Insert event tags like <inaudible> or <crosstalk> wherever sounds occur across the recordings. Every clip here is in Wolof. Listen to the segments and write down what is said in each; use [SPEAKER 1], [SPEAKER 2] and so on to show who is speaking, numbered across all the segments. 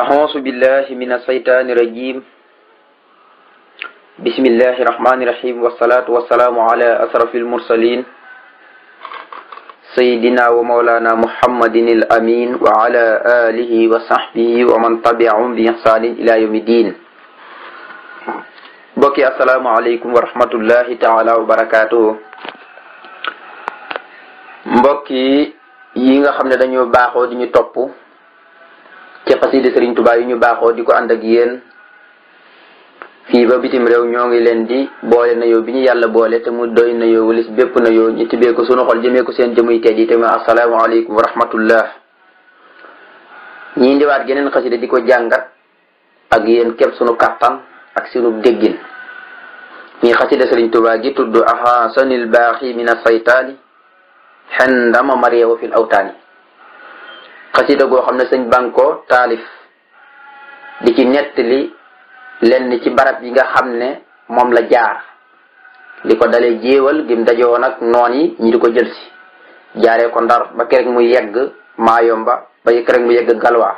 [SPEAKER 1] أعوذ بالله من الشيطان الرجيم بسم الله الرحمن الرحيم والصلاة والسلام على أشرف المرسلين سيدنا ومولانا محمد الأمين وعلى آله وصحبه ومن تبعهم بإحسان إلى يوم الدين بكي السلام عليكم ورحمة الله تعالى وبركاته mbokk yi nga xam ne dañoo baaxoo di ñu topp ci xasida Sëriñ Tuubaa ñu baaxoo di ko ànd ak yéen bitim réew ñoo ngi leen di boole na yow bi ñu yàlla boole te mu doy na yow walis bépp na yow ñu tibbee ko sunu xol jëmee ko seen jëmuy tedd yi te ma asalaamaaleykum wa rahmatullah ñii ndiwaat geneen xasida di ko jàngat ak yéen képp sunu kattan ak sunu déggin ñii xasida Sëriñ Tuubaa gi tudd ahasanil baaxi min asaytaani xen ndama mariyewa fil awtaani xasida goo xam ne sëñ banko taalif di ci nettali lenn ci barab yi nga xam ne moom la jaar di ko dalee jéewal gim dajowoon ak noon yi ñi di ko jël si jaaree ko ndar ba kerek mu yegg maayomba ba kerek mu yegg galwaa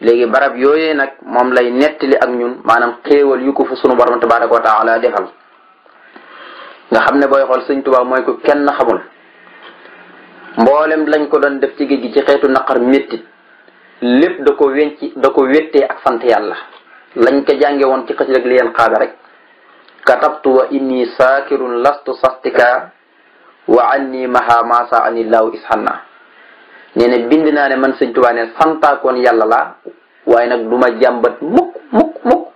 [SPEAKER 1] léegi barab yooyee nag moom lay nettali ak ñun maanaam xéewal yu ko fu sunu borom tabaraka wa taala defal nga xam ne booy xool sëñ Tuubaa mooy ko kenn xamul mboolem lañ ko doon def ci géej gi ci xeetu naqar méttit lépp da ko wenci da ko wettee ak sant yàlla lañ ko jànge woon ci xësi rek li yeen xaada rek katabtu wa inni saakirun lastu sastika wa anni maha ma sa ani ishanna nee ne bind naa ne man sëñ Tuubaa ne santaakoon yàlla laa waaye nag du ma jàmbat mukk mukk mukk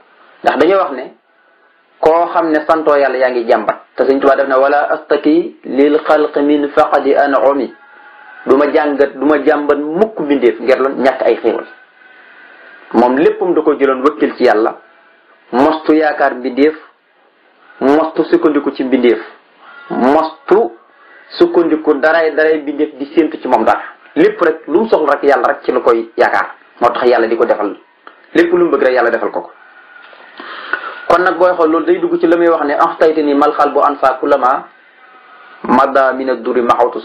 [SPEAKER 1] ndax dañoo wax ne koo xam ne santo yàlla yaa ngi jàmbat te sëñ Tuubaa def ne wala astaki lil xalq min faqadi an omi du ma jàngat du ma jàmbat mukk mbindeef ngir loon ñàkk ay xéewal moom lépp léppam da ko jëloon wëkkil ci yàlla mostu yaakaar mbindeef mostu sukkandiku ci mbindeef mostu sukkandiku daray daray mbindeef di séentu ci moom dara lépp rek lu mu soxla rek yàlla rek ci lu koy yaakaar moo tax yàlla di ko defal lépp lu mu bëgg rek yàlla defal ko ko kon nag booy xool loolu day dugg ci la muy wax ne en tayte ni malxal bu an fa kulama mada mina duri maxawtu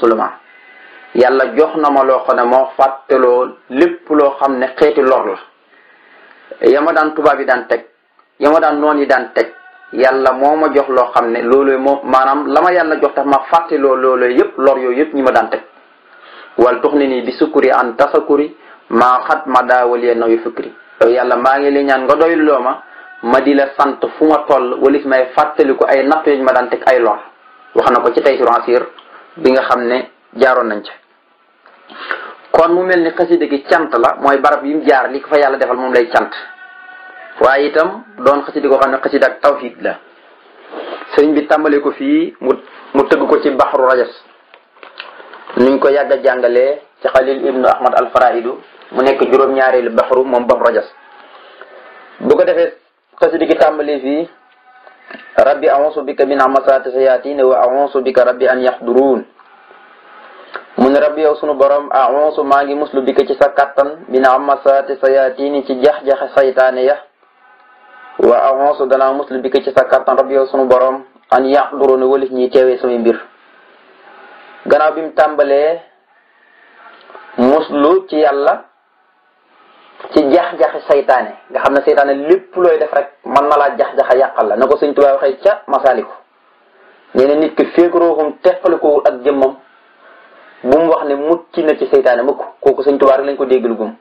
[SPEAKER 1] yàlla jox na ma loo xam ne moo loo lépp loo xam ne xeeti lor la yama daan tubaab yi daan teg yama daan noon yi daan teg yàlla moo ma jox loo xam ne loolu moo maanaam lama ma yàlla jox tax ma fàttaloo loolu yëpp lor yooyu yëpp ñi ma daan teg wal tux ni nii bi sukkuri an tasakuri maa xat ma daawalee naw yu fikri yow yàlla maa ngi li ñaan nga doy loo ma ma di la sant fu ma toll walis may ko ay natt yooyu ma daan teg ay lor wax na ko ci tey sur bi nga xam ne jaaroon nañ ca kon mu mel ni xasida cant la mooy barab yi mu jaar li ko fa yàlla defal moom lay cant waaye itam doon xasida koo xam ne xasida ak la sëriñ bi tàmbalee ko fii mu mu tëgg ko ci baxru rajas niñ koy yàgg a jàngalee ci xalil ibnu ahmad al faraidu mu nekk juróom-ñaareelu baxru moom baxru rajas bu ko defee xasida gi tàmbalee fii rabbi a'uusu bika min amasaati sayaatiina wa a'uusu bika rabbi an yaxduruun mu ne rabbi yow sunu borom aonsu maa ngi muslu bi ko ci sa kattan bi na amasaati sayaatini ci jax-jaxe saytaane ya wa aonsu danaa muslu bi ko ci sa kattan rabbi yow sunu borom an yaxduruna walif ñi teewee samay mbir gannaaw bi mu tàmbalee muslu ci yàlla ci jax-jaxe saytaane nga xam ne saytaane lépp looy def rek mën na laa jax-jaxa yàqal la na ko sëñ Tuubaa waxee ca masaaliku nee na nit ki feeg ruuxum teqalikowul ak jëmmam bu mu wax ne mucc na ci seytaane mukk kooku sëñ Tuubaa rek lañ ko déggal gum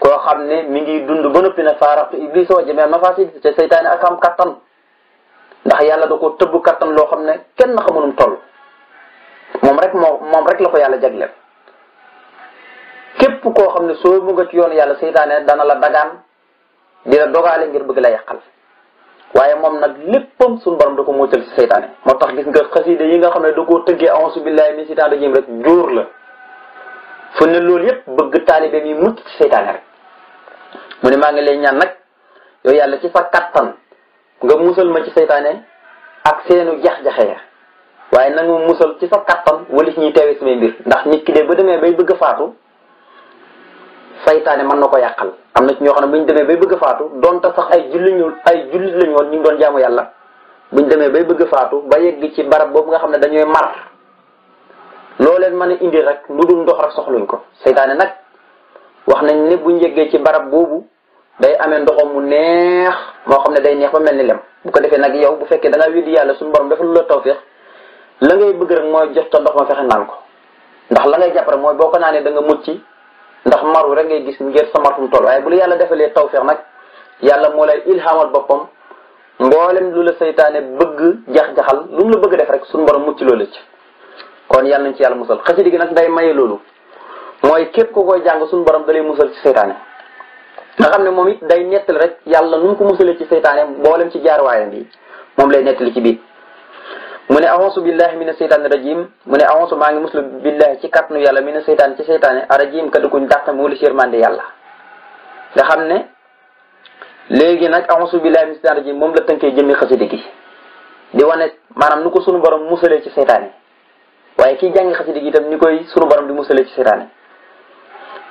[SPEAKER 1] koo xam ne mi ngi dund ba noppi na faaraxtu iblis wa jamee mafasid te seytaane a am kattan ndax yàlla da ko tëbb kattan loo xam ne kenn xamunum toll moom rek moo moom rek la ko yàlla jagleel képp koo xam ne soo mu nga ci yoon yàlla seytaane dana la dagaan di la dogaale ngir bëgg la yàqal waaye moom nag léppam suñu borom da ko muccal ci seytaane moo tax gis nga da yi nga xam ne da koo tëggee aousu billahi min seytaan rajim rek jóor la fu ne loolu yëpp bëgg taalibe mi mucc mu ne maa ngi lay ñaan nag yow yàlla ci sa kattan nga musal ma ci seytaane ak seenu jax-jaxe ya waaye nanga musal ci sa kattan wala si ñuy teewee samay mbir ndax nit ki de ba demee bay bëgg a faatu seytaane mën na ko yàqal am na ci ñoo xam ne bu ñu demee bay bëgg a faatu donte sax ay julli ñu ay jullit lañu woon ñu ngi doon jaamu yàlla bu ñu demee bay bëgg a faatu ba yegg ci barab boobu nga xam ne dañooy mar loo leen mën a indi rek lu dul ndox rek soxluñ ko saytaane nag wax nañ ni bu ñu yeggee ci barab boobu day amee ndoxam mu neex moo xam ne day neex ba mel ni lem bu ko defee nag yow bu fekkee da nga weddi yàlla suñ borom dafa lu la tawféex la ngay bëgg rek mooy jox ta ndox ma fexe ko ndax la ngay jàpp rek mooy boo ndax maru rek ngay gis ngir sa mar fu mu toll waaye bu la yàlla defalee tawféex nag yàlla moo lay ilhamal boppam mboolem lu la saytaane bëgg jax-jaxal lu mu la bëgg def rek suñu borom mucc loolu ci kon yàlla nañ ci yàlla musal xasida gi nag day maye loolu mooy képp ko koy jàng suñu borom dalay musal ci saytaane nga xam ne moom it day nettali rek yàlla nu mu ko musalee ci saytaane mboolem ci jaarwaayam yi moom lay nettali ci biir mu ne awansu billahi mina seytaani rajim mu ne awansu maa ngi muslu billahi ci kàttanu yàlla mina seytaan ci seytaane rajim kaddu guñ dàq mu wala sérmande yàlla nga xam ne léegi nag awansu billahi mina seytaan rajim moom la tënkee jëmmi xasida gi di wane maanaam nu ko sunu borom musalee ci seytaan yi waaye kiy jàngi xasida gi itam ni koy sunu borom di musalee ci seytaane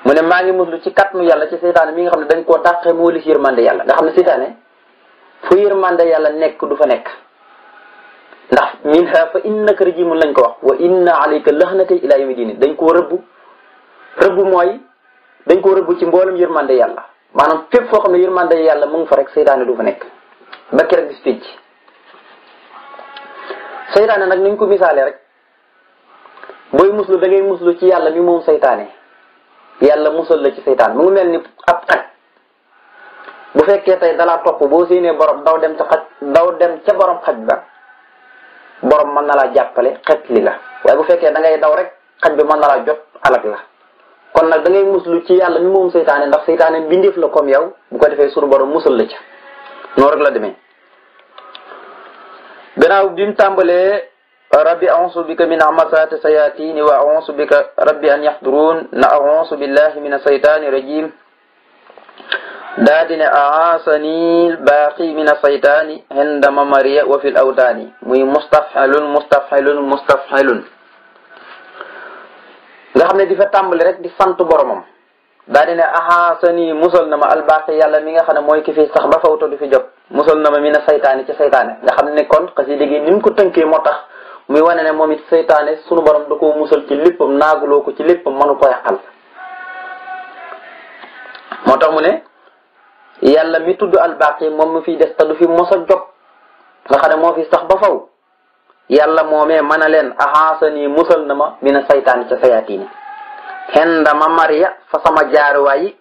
[SPEAKER 1] mu ne maa ngi muslu ci kàttanu yàlla ci seytaane mi nga xam ne dañ koo dàqee mu wala sérmande yàlla nga xam ne seytaane fu yërmande yàlla nekk du fa nekk ndax minha fa innaka rajimun lañ ko wax wa inna alayka laxnatay ila yawmi diin dañ koo rëbb rëbb mooy dañ koo rëbb ci mboolam mboolem yërmande yàlla maanaam fépp foo xam ne yërmande yàlla mu ngi fa rek seytaane du fa nekk ba keroog bis pénc seytaane nag ko misaalee rek booy muslu da ngay muslu ci yàlla mi seytaane yàlla musal la ci seytaane mu ngi mel ni ab xaj bu fekkee tey dalaa topp boo séenee borom daw dem ca xaj daw dem ca borom xaj ba borom mën na laa jàppale xet li la waaye bu fekkee da ngay daw rek xaj bi mën na laa jot alag la kon nag da ngay muslu ci yàlla mi moom seytaane ndax seytaane bindeef la comme yow bu ko defee sunu borom musal la ca noonu rek la demee gannaaw bi mu tàmbalee rabbi a'uusu bika min hamazaati sayaatiini wa a'uusu bika rabbi an yaxduruun na a'uusu billahi min asaytaani rajim daa di ne aasani baaqi min asaytaani inda mamariya wa fil awtaani muy mustafxilun mustafxilun mustafxilun nga xam ne di fa tàmbali rek di sant boromam daa di ne aasani musal na ma albaaqi yàlla mi nga xam ne mooy ki fi sax ba fawta du fi jot musal na ma min asaytaani ci saytaane nga xam ne kon xasida gi ni mu ko tënkee moo tax muy wane ne moom it saytaane sunu borom da ko musal ci léppam naaguloo ko ci léppam mënu ko yàqal moo tax mu yàlla mi tudd albaqi moom mi fiy des te du fi mos a jóg nga xam ne moo fi sax ba faw yàlla moomee mën a leen axaasanii musal na ma mina saytaani ca sayatini xenda ma mariya fa sama jaaruwaay yi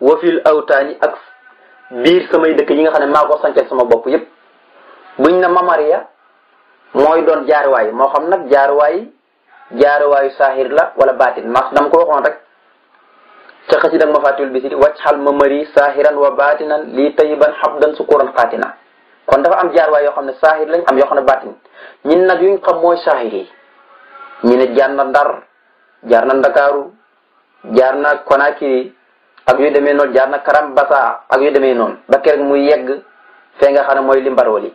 [SPEAKER 1] wafil awtaani ak biir samay dëkk yi nga xam ne maa ko sancel sama bopp yépp buñ na ma mariya mooy doon jaaruwaay moo xam nag jaaruwaay jaaruwaayu saahir la wala baatin max dama ko waxoon rek ca xasida ma fàttiwul bisiri wàcc xal ma mari saahiran wa baatinan lii tayiban xabdan sukuran xaatina kon dafa am jaarwaay yoo xam ne saahir lañ am yoo xam ne baatin ñin nag yuñ xam mooy saahir yi ñu ne jaar na Ndar jaar na Ndakaaru jaar na Conakry ak yu demee noonu jaar na Karambasa ak yu demee noonu ba keroog muy yegg nga xam ne mooy Limbaroli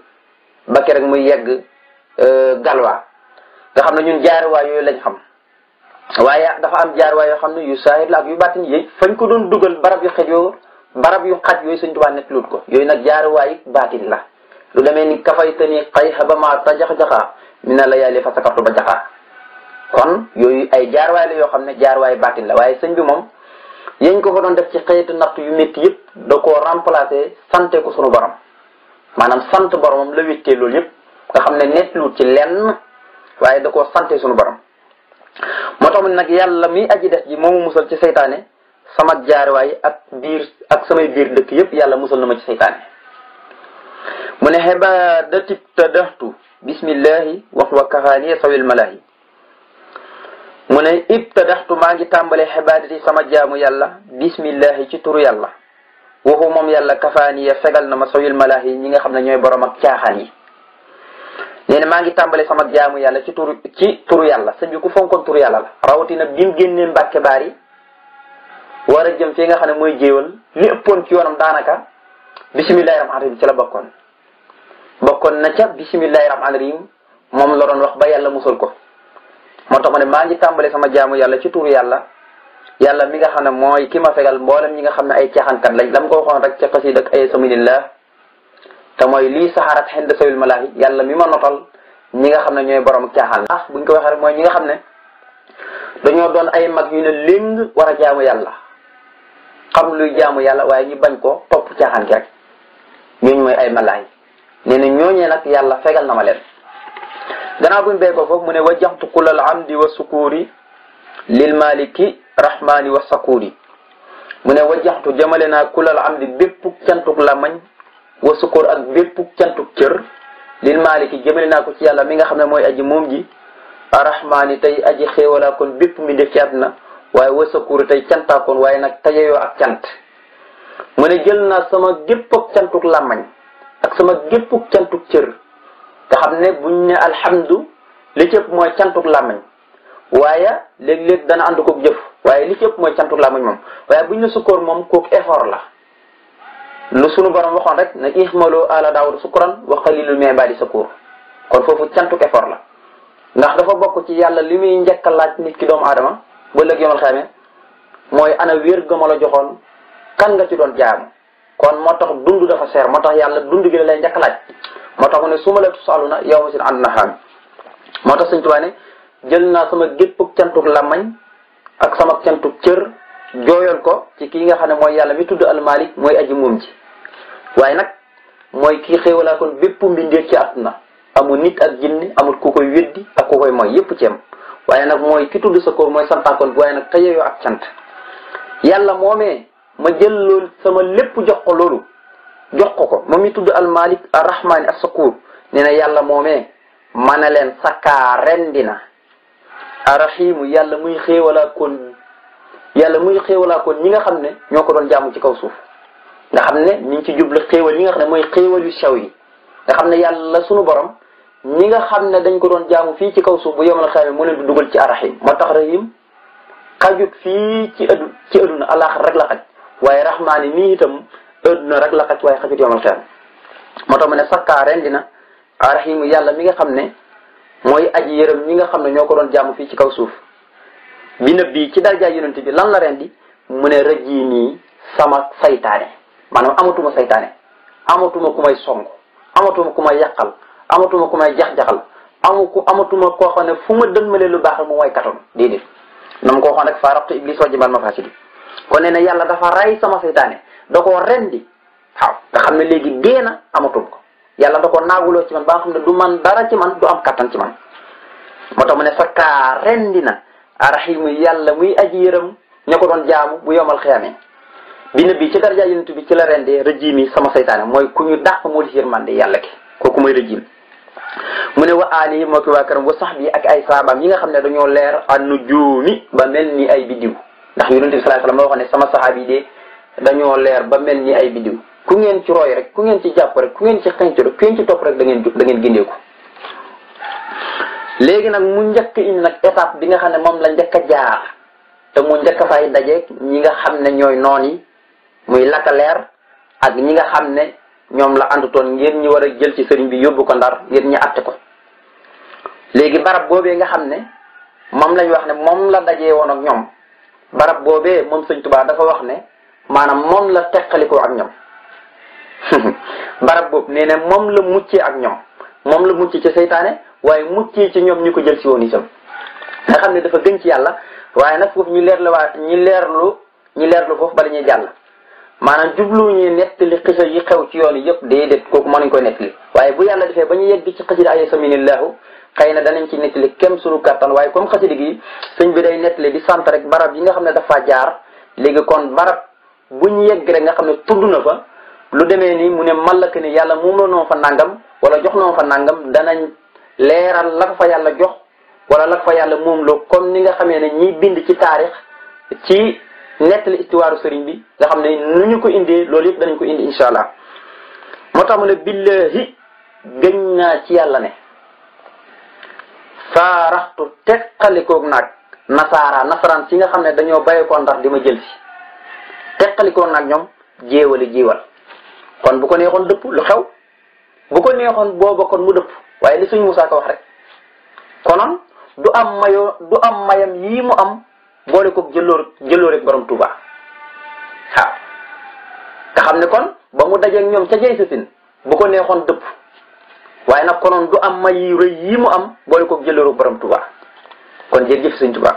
[SPEAKER 1] ba keroog muy yegg euh, Galwa nga xam ne ñun jaarwaay yooyu lañ xam waaye dafa am jaar waaye yoo xam ne yu saahir la yu baatin yooyu fañ ko doon dugal barab yu xëj yoo barab yu xaj yooyu Sëñ Tuubaa nekk luut ko yooyu nag jaar baatin la lu demee ni kafaytani xay xaba maa ta jax-jaxaa la yàlli fa ba jaxaa kon yooyu ay jaar yoo xam ne jaar waayu baatin waaye sëñ bi moom yéñ ko ko doon def ci xëyitu natt yu métti yëpp da koo remplacer sante ko sunu borom maanaam sant boromam la wéttee loolu yëpp nga xam ne nekk luut ci lenn waaye da koo sante sunu borom moo tax mu nag yàlla miy aji def ji moomu musal ci seytaane sama jaarwaay ak biir ak samay biir dëkk yëpp yàlla musal na ma ci seytaane mu ne xibaadatik tadaxtu bismillahi wax wa kaxaaniya sawil malaahi mu ne ibtadaxtu maa ngi tàmbale xibaadati sama jaamu yàlla bismillahi ci turu yàlla waxu moom yàlla kafaaniya fegal na ma sawil malaahi ñi nga xam ne ñooy borom ak caaxaan yi nee maa ngi tàmbale sama jaamu yàlla ci turu ci turu yàlla sëñ bi ku fonkoon turu yàlla rawatina bi mu génnee mbàkke baar yi war a jëm fii nga xam ne mooy jéewal li ëppoon ci yoonam daanaka bisimillahi rahmaani rahim ci la bokkoon bokkoon na ca bisimillahi rahmaani rahim moom la doon wax ba yàlla musal ko moo tax ma ne maa ngi tàmbale sama jaamu yàlla ci turu yàlla yàlla mi nga xam ne mooy ki ma fegal mboolem ñi nga xam ne ay caaxaankat lañ la mu ko waxoon rek ca xasiid ak ay te mooy lii saxaarat xen da ma malaahi yàlla mi ma notal ñi nga xam ne ñooy boroom caaxaan ah buñ ko waxee rek mooy ñi nga xam ne dañoo doon ay mag ñu ne léng war a jaamu yàlla xam luy jaamu yàlla waaye ñu bañ ko topp caaxaan ki rek ñooñu mooy ay malaay
[SPEAKER 2] nee na ñooñee
[SPEAKER 1] nag yàlla fegal na ma leen gannaaw buñu béy ko foofu mu ne wajaxtu kulal amdi wa sukuuri lil maliki rahmaani wa sakuuri mu ne wajaxtu jëmale naa kulal amdi bépp la mañ wa sukkur ak bépp cantuk cër lil maaliki jëmale naa ko ci yàlla mi nga xam ne mooy aji moom ji arrahmaani tey aji xéewalaa kon bépp mi def ci àdduna waaye wa sukkur tey cantaa kon waaye nag tayeyoo ak cant mu ne jël naa sama gépp ak cantuk làmmañ ak sama gépp ak cantuk cër te xam ne buñ ne alhamdu li cëpp mooy cantuk làmmañ waaye léeg-léeg dana ànd kook jëf waaye li cëpp mooy cantuk làmmañ moom waaye buñ ne sukkur moom kook effort la lu sunu borom waxoon rek ne ihmalu ala daawud sukuran wa qalilun min ibadi sakur kon foofu cantu effort la ndax dafa bokk ci yàlla li muy njëkk laaj nit ki doomu aadama ba léegi yomal xame mooy ana wér ga ma joxoon kan nga ci doon jaamu kon moo tax dund dafa seer moo tax yàlla dund gi lay njakk laaj moo tax mu ne su ma la tusaluna yow ma sin ànd na xaami moo tax Sëñ Tuubaa ne jël naa sama géppuk cantu làmmañ ak sama cantu cër jooyoon ko ci kii nga xam ne mooy yàlla mi tudd mooy aji moom ji waaye nag mooy kii xéewalaa kon bépp mbindeef ci àdduna amul nit ak jinne amul ku koy weddi ak ku koy mooy yépp ci waaye nag mooy ki tudd sa koor mooy santaakoon bi waaye nag te yeyoo ak sant yàlla moome ma jël loolu sama lépp jox ko loolu jox ko ko moom mi tudd almalik arrahmaani assakuur nee na yàlla moomee ma ne leen sakkaa rendi na arrahimu yàlla muy xéewalaa koon yàlla muy xéewalaa koon ñi nga xam ne ñoo ko doon jaamu ci kaw suuf nga xam ne ñu ngi ci jublu xéewal yi nga xam ne mooy xéewal yu sew yi nga xam ne yàlla sunu borom ñi nga xam ne dañ ko doon jaamu fii ci kaw suuf bu yomal xel mu leen di dugal ci arahim moo tax rahim xajut fii ci adu ci aduna alaaxar rek la xaj waaye rahmaani nii itam aduna rek la waaye xajut yomal xel moo tax mu ne sakkaa ren dina arahimu yàlla mi nga xam ne mooy aji yërëm ñi nga xam ne ñoo ko doon jaamu fii ci kaw suuf bi nëb bii ci darjaay bi lan la ren di mu ne rëjii nii sama saytaane maanaam amatuma saytaane amatuma ku may song amatuma ku may yàqal amatuma ku may jax-jaxal amu ku amatuma koo xam ne fu ma dënmalee lu baax mu way katoon déedéet na ma ko waxoon rek faaraqtu iblis wa jibal mafaasidi na yàlla dafa ray sama saytaane da koo rendi waaw nga xam ne léegi dee na amatuma ko yàlla da koo naaguloo ci man ba nga xam ne du man dara ci man du am kattan ci man moo tax mu ne fakkaa rendi na rahimu yàlla muy aji yërëm ña ko doon jaamu bu yomal xiyamee bi ne bii ci daraja yonent bi ci la rendee rëjim yi sama saytaane mooy ku ñu dàq moo di si yërmande yàlla ki kooku mooy rëjim mu ne wa aali moo ki waa këram wa sax bi ak ay saabaam yi nga xam ne dañoo leer ànnu juumi ba mel ni ay biddiw ndax yonent bi sallallahu alayhi wasallam moo wax ne sama saxaab yi de dañoo leer ba mel ni ay biddiw ku ngeen ci roy rek ku ngeen ci jàpp rek ku ngeen ci xënc rek ku ngeen topp rek dangeen ngeen ngeen gindeeku léegi nag mu njëkk indi nag étape bi nga xam ne moom la njëkk a jaar te mu njëkk fay dajeeg ñi nga xam ne ñooy noon yi muy lakk leer ak ñi nga xam ne ñoom la àndutoon ngir ñi war a jël ci sëriñ bi yóbbu ko ndar ngir ñi àtte ko léegi barab boobee nga xam ne moom lañ wax ne moom la daje woon ak ñoom barab boobee moom sëñ Tuubaa dafa wax ne maanaam moom la teqalikoo ak ñoom <laughs> barab boobu nee moom la muccee ak ñoom moom la muccee ci seytaane waaye muccee ci ñoom ñu ko jël ci woon itam nga xam ne dafa gën ci yàlla waaye nag foofu ñu leer la waa ñu leerlu ñu leerlu foofu bala ñuy jàll maanaam jubluñu nettali xisa yi xew ci yoon yëpp déedéet kooku mënuñ koy nettali waaye bu yàlla defee ba ñu yegg ci xasida ay saminillahu xëy na danañ ci nettali kem suñu kattan waaye comme xasida gi sëñ bi day nettali di sant rek barab yi nga xam ne dafa jaar léegi kon barab buñ ñu yegg rek nga xam ne tudd na fa lu demee nii mu ne mallaka ni yàlla moom la noo fa nangam wala jox noo fa nangam danañ leeral la fa yàlla jox wala la fa yàlla moom loo comme ni nga xamee ne ñiy bind ci taarix nettali istiwaaru sëriñ bi nga xam ne nu ñu ko indee loolu yëpp dañ ko indi incha moo tax mu ne billahi gëñ naa ci yàlla ne faaraxtu teqalikoog naag nasaara nasaraan si nga xam ne dañoo bayeekoon ndax di ma jël si teqalikoog naag ñoom jéewali jiwal kon bu ko neexoon dëpp lu xew bu ko neexoon booba kon mu dëpp waaye li suñu Musaa ko wax rek konoon du am mayoo du am mayam yii mu am boole ko jëloo jëloo rek borom Touba waaw nga xam ne kon ba mu dajeeg ñoom ca jay sasin bu ko neexoon dëpp waaye nag konoon du am may rëy yii mu am boole ko jëloo rek borom Touba kon jërëjëf sëñ Touba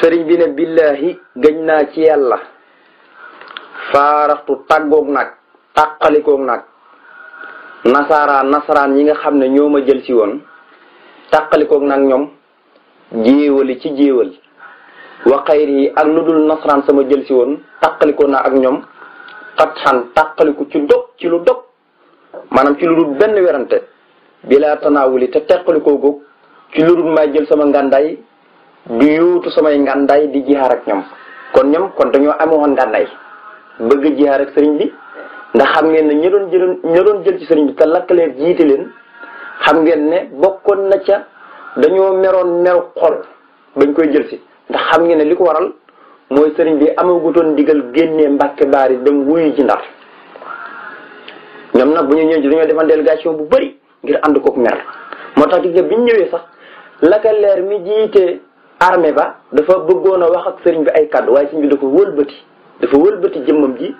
[SPEAKER 1] sëriñ bi ne billahi gëñ naa ci yàlla faaraxtu tàggoog nag tàqalikoog nag nasaaraan nasaraan yi nga xam ne ñoo ma jël si woon tàqalikoog nag ñoom jéewali ci jéewal wa xayri yi ak lu dul nasaraan sama jël si woon tàqalikoo na ak ñoom xatxan tàqaliku ci dog ci lu dog maanaam ci lu dul benn werante bilaa tanaawuli te teqalikoo goog ci lu dul may jël sama ngàndaay di yuutu samay ngandaay di jihaar ak ñoom kon ñoom kon dañoo amoon ngàndaay bëgg jihaar ak sëriñ bi ndax xam ngeen ne ña doon jëloon ña jël ci sëriñ bi te lakk jiite leen xam ngeen ne bokkoon na ca dañoo meroon meru xol bañ koy jël si ndax xam ngeen ne li ko waral mooy sëriñ bi amagutoon digal génnee mbàkke baari dem wuyu ji ndar ñoom nag bu ñu ñëwee ci dañoo defan délégation bu bëri ngir ànd kook mer moo tax gis nga bi ñu ñëwee sax laka leer mi jiite armee ba dafa bëggoon a wax ak sëriñ bi ay kàddu waaye sëriñ bi dafa wëlbati dafa wëlbati jëmmam ji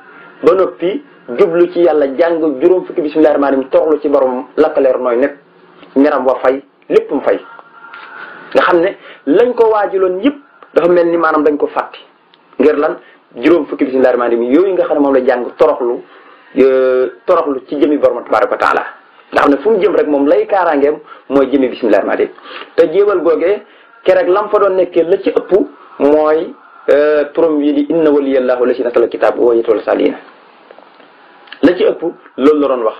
[SPEAKER 1] ba noppi jublu ci yàlla jàng juróom fukki bismillahi rahmaani rahim toroxlu ci borom laka leer nooy nekk meram wa fay lépp mu fay nga xam ne lañ ko waajuloon yëpp dafa mel ni maanaam dañ ko fàtti ngir lan juróom fukki bismillahi rahmaani rahim yooyu nga xam ne moom la jàng toroxlu euh, toroxlu ci jëmi borom tabaraka wa taala nga xam ne fu jëm rek moom lay kaaraangeem mooy jëmi bismillahi rahmaani rahim te jéewal googee keroog lam fa doon nekkee la ci ëpp mooy euh, turam yi di inna waliyallahu la si nasala kitaab wa yatawalla saalihiina la ci ëpp loolu la doon wax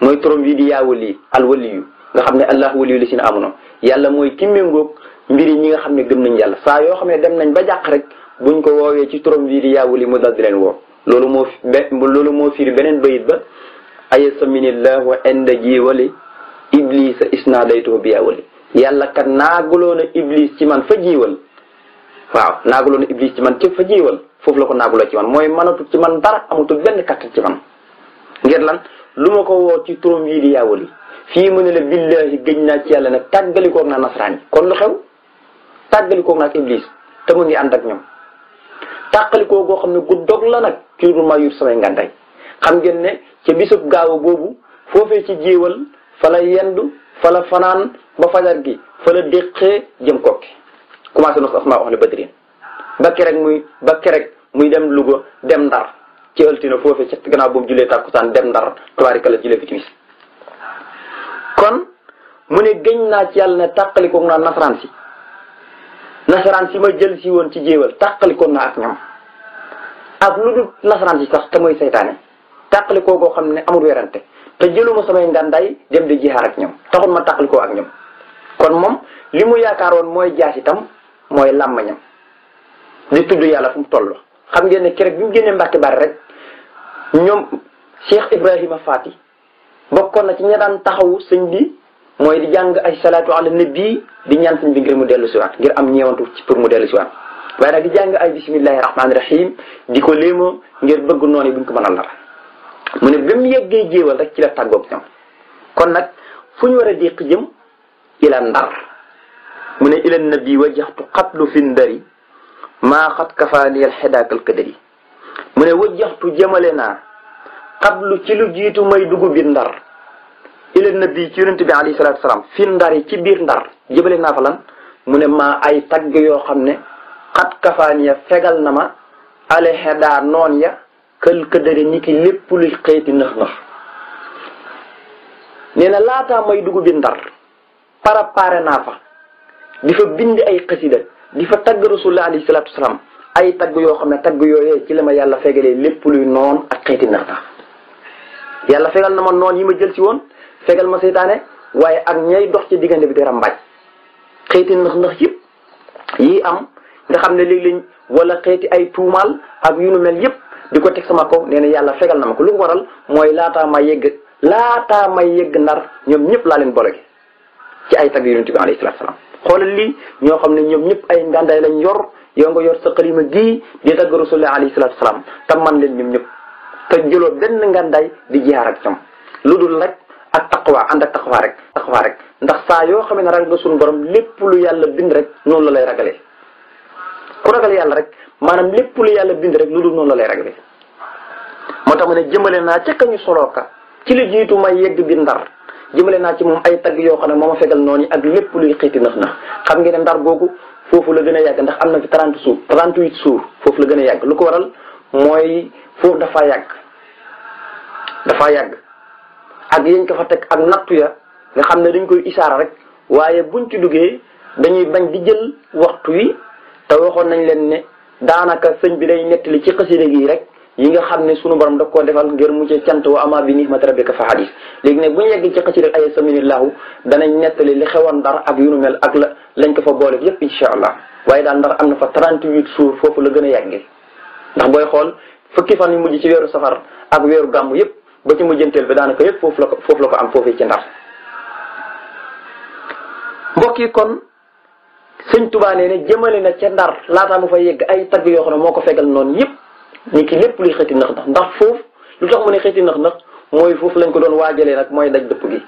[SPEAKER 1] mooy turam yi di yaa wali al waliyu nga xam ne allah waliyu lisina amono yàlla mooy ki méngoog mbiri ñi nga xam ne gëm nañ yàlla saa yoo xam ne dem nañ ba jàq rek buñ ko woowee ci turam bii di yaa wali mu dal di woo loolu moo loolu moo fiir beneen bayit ba aya saminillahu inda ji wali iblisa isnadaytoo bi yaa wali yàlla kat naaguloona iblis ci man fa jiiwal waaw naagaloona iblis ci man ci fa foofu la ko naagaloo ci man mooy mënatul ci man dara amatul benn kattan ci man ngir lan lu ma ko woo ci turam bii di yaa wali fii mu ne la billahi gëj naa ci yàlla nag tàggalikoog na nasaraan kon lu xew tàggalikoog naa ak iblis te mu ngi ànd ak ñoom tàqalikoo goo xam ne gu dog la nag ci ma yur xam ngeen ne ca bisub gaaw boobu foofee ci jéewal fala yendu fala fanaan ba fajar gi fala déqee jëm kokki commencé nos asmaa wax ne badrin ba kerek muy ba muy dem Louga dem Ndar ci ëltina foofee ci gannaaw boobu julee tàkkusaan dem Ndar tubaarikala julee fi timis kon mu ne gëñ naa ci yàlla ne tàqalikoog naa nasaraan si nasaraan si ma jël si woon ci jéewal tàqalikoog naa ak ñoom ak lu dul nasaraan si sax te mooy saytaane tàqalikoo goo xam ne amul werante te jëluma samay ngàndaay dem di jihaar ak ñoom taxul ma tàqalikoo ak ñoom kon moom li mu yaakaaroon mooy jaas itam mooy làmbañam di tudd yàlla fu mu toll xam ngeen ne keroog bi mu génnee Mbàkke Bari rek ñoom Cheikh Ibrahima Fati bokkoon nag ci ña daan taxawu sëñ bi mooy di jàng ay salaatu ala nabi di ñaan sëñ bi ngir mu dellu si waat ngir am ñeewantu pour mu dellu si waat waaye nag di jàng ay bisimillahi rahmaani rahim di ko léema ngir bëgg noonu buñ ko mën a lara mu ne ba mu yeggee jéewal rek ci la tàggoog ñoom kon nag fu ñu war a déq jëm ila ndar mu ne ila nabi wajaxtu xatlu fi ndari maa xat kafaaniyal xedaakal këdëri mu ne tu jëmale naa xablu ci lu jiitu may dugub bi ndar ila nabi ci yonente bi alayhi salaatu fi ndar ci biir ndar jëbale naa fa lan mu ne ma ay tagg yoo xam ne xat kafaan ya fegal na ma alexedaa noon ya kël këdëri ñi ki lépp luy xeeti nëx nëx nee na laataa may dugub bi ndar parapare naa fa di fa bind ay xasida di fa tagg rasulullah la salaatu ay tagg yoo xam ne tagg yooyee ci la ma yàlla fegalee lépp luy noon ak xeeti nëx nëx yàlla fegal na ma noon yi ma jël si woon fegal ma seytaane waaye ak ñay dox ci diggante bi dara mbaaj xeeti ndax ndax yëpp yi am nga xam ne léeg-léeg wala xeeti ay tuumaal ak yu nu mel yëpp di ko teg sama kaw nee yàlla fegal na ma ko lu ko waral mooy laataa ma yegg laataa ma yegg ndar ñoom ñëpp laa leen bologe ci ay tagg yonent bi alayhi salaam xoolal ñoo xam ne ñoom ñëpp ay ngandaay lañ yor yoo nga yor sa xalima gii di tagg rasulullah alayhi man leen ñoom ñëpp te jëloo benn nganday di jaar ak ñoom lu dul nag ak taqwa ànd ak taqwa rek taqwa rek ndax saa yoo xam ne rag nga suñu borom lépp lu yàlla bind rek noonu la lay ragale ku ragal yàlla rek maanaam lépp lu yàlla bind rek lu dul noonu la lay ragalee moo tax mu ne jëmale naa ca kañu solooka ci li jiitu may yegg bi ndar jëmale naa ci moom ay tagg yoo xam ne moo ma fegal noonu ak lépp luy xiiti nax na xam ngeen ne ndar googu foofu la gën a yàgg ndax am na fi trente suuf trente huit suuf foofu la gën a yàgg lu ko waral mooy foofu dafa yàgg dafa yàgg ak yéen ko fa teg ak nattu ya nga xam ne dañ koy isaara rek waaye buñ ci duggee dañuy bañ di jël waxtu wi te waxoon nañ leen ne daanaka sëñ bi day nettali ci xasida gi rek yi nga xam ne sunu borom da koo defal ngir mu ci cant wa ama bi nihmati rabbika fa hadis léegi nag bu ñu yegg ci xasida ay saminillahu danañ nettali li xewoon ndar ak yu nu mel ak la lañ ko fa boole yépp incha allah waaye daal ndar am na fa 38 jours foofu la gën a yàggee. ndax booy xool fukki fan yu mujj ci weeru safar ak weeru gàmm yëpp ba ci mujjanteel bi daanaka yëpp foofu la ko la ko am foofu ci ndar mbokk yi kon sëñ Tuubaa nee ne jëmale na ca ndar laataa mu fay yegg ay tagg yoo xam ne moo ko fegal noonu yëpp ni ki lépp luy xëti nax nax ndax foofu lu tax mu ne xëti nax nax mooy foofu lañ ko doon waajalee nag mooy daj dëpp gi